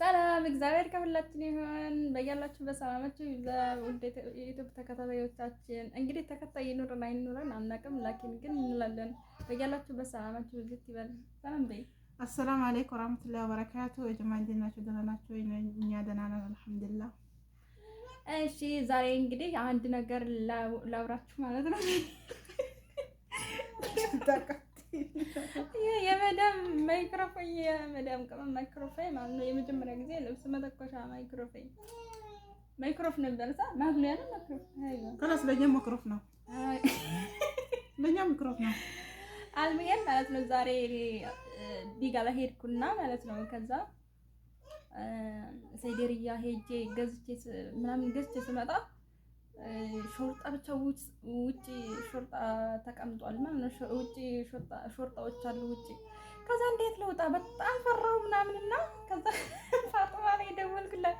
ሰላም እግዚአብሔር ከሁላችን ይሁን። በያላችሁ በሰላማችሁ ይብዛ። ውድ የዩቲዩብ ተከታታዮቻችን እንግዲህ ተከታይ ይኑረን አይኑረን አናውቅም፣ ላኪን ግን እንላለን በያላችሁ በሰላማችሁ ይብዛ ይበል። ሰላም በይ። አሰላም አለይኩም ወራህመቱላሂ ወበረካቱ። የጀማ እንዴት ናችሁ? ደህና ናችሁ? እኛ ደህና ነን አልሐምዱሊላህ። እሺ ዛሬ እንግዲህ አንድ ነገር ላውራችሁ ማለት ነው። ማይክሮፎን የመዳም ቅመም ማይክሮፎን ማለት ነው። የመጀመሪያ ጊዜ ልብስ መተኮሻ ማይክሮፎን ማይክሮፎን ነበር ሳ ማግለያ ነው ማይክሮፎን ከላስ ለኛ ማይክሮፎን ነው ለኛ ማይክሮፎን ነው አልሚየን ማለት ነው። ዛሬ ዲጋ ላይ ሄድኩና ማለት ነው። ከዛ ሰይደርያ ሄጄ ገዝቼ ምናምን ገዝቼ ስመጣ ሾርጣ ብቻ ውጭ ሾርጣ ተቀምጧል ማለት ነው። ውጭ ሾርጣዎች አሉ ውጭ ከዛ እንዴት ልውጣ በጣም ፈራው ምናምንና ከዛ ፋጥማ ላይ ደወልኩላት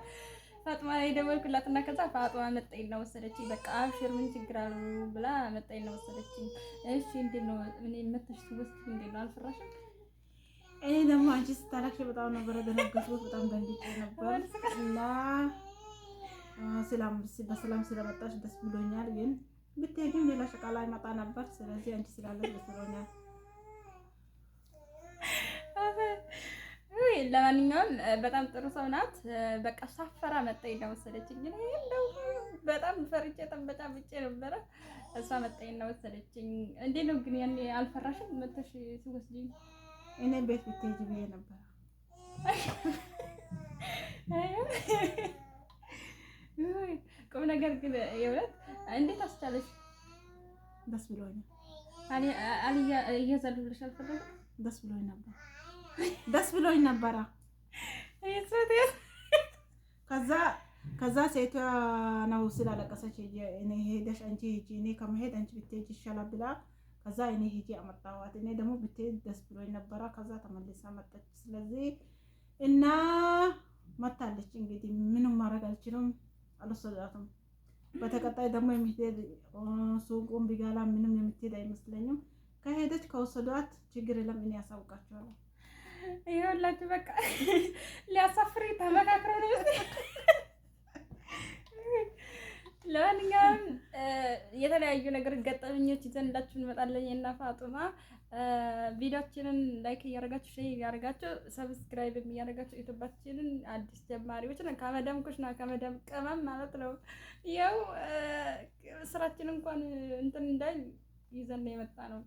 ፋጥማ ላይ ደወልኩላት እና ከዛ ፋጥማ መጣኝ ነው ወሰደችኝ። በቃ አብሽር ምን ችግር አለው ብላ መጣኝ ነው ወሰደችኝ። እሺ እንዴት ነው እኔ መተሽ ትወስድ እንዴት ነው አልፈራሽም? እኔ ደግሞ አንቺ ስታላክሽ በጣም ነበረ ደነገጥኩት። በጣም ደንግጬ ነበር እና ሰላም በሰላም ስለመጣሽ ደስ ብሎኛል። ግን ብትሄጂም ሌላ ሸቃላ ይመጣ ነበር። ስለዚህ አንቺ ስላለሽ ደስ ብሎኛል። ለማንኛውም በጣም ጥሩ ሰው ናት። በቃ ሳፈራ መጣይና ወሰደችኝ። እኔ እንደው በጣም ፈርጬ ተንበጫብጬ ነበረ። እሷ መጣይና ወሰደችኝ። እንዴት ነው ግን ያኔ አልፈራሽም? መተሽ ትወስጂኝ እኔ ቤት ብትሄጂ ብዬ ነበር። ቁም ነገር ግን የእውነት እንዴት አስቻለሽ? ደስ ብሎኝ አልያ እየዘሉልሽ አልፈለግም። ደስ ብሎኝ ነበር ደስ ብሎኝ ነበረ። ከዛ ከዛ ሴቷ ነው ስላለቀሰች እኔ ሄደሽ አንቺ ሂጂ፣ እኔ ከመሄድ አንቺ ብትሄጂ ይሻላል ብላ ከዛ እኔ ሂጂ አመጣዋት። እኔ ደግሞ ብትሄድ ደስ ብሎኝ ነበረ። ከዛ ተመልሳ መጣች። ስለዚህ እና መታለች። እንግዲህ ምንም ማድረግ አልችልም፣ አልወሰዳትም። በተቀጣይ ደግሞ የምትሄድ ሱቁም ቢጋላ ምንም የምትሄድ አይመስለኝም። ከሄደች ከወሰዷት ችግር የለም፣ እኔ ያሳውቃቸዋለሁ። ታውቃላችሁ። በቃ ሊያሳፍር ተመካክረው ነው። ለማንኛውም የተለያዩ ነገር ገጠመኞች ይዘን እንዳችሁ እንመጣለን። እና ፋጡማ ቪዲዮችንን ላይክ እያደረጋችሁ ሼር እያደረጋችሁ ሰብስክራይብ እያደረጋችሁ ዩቱባችንን አዲስ ጀማሪዎች ነን። ከመደምኮች ከመደም ቅመም ማለት ነው። ያው ስራችን እንኳን እንትን እንዳይ ይዘን የመጣ ነው።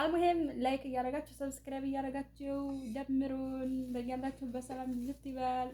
አልሙሄም ላይክ እያደረጋችሁ ሰብስክራይብ እያደረጋችሁ ደምሩን በእያንዳችሁ በሰላም ልት ይበል።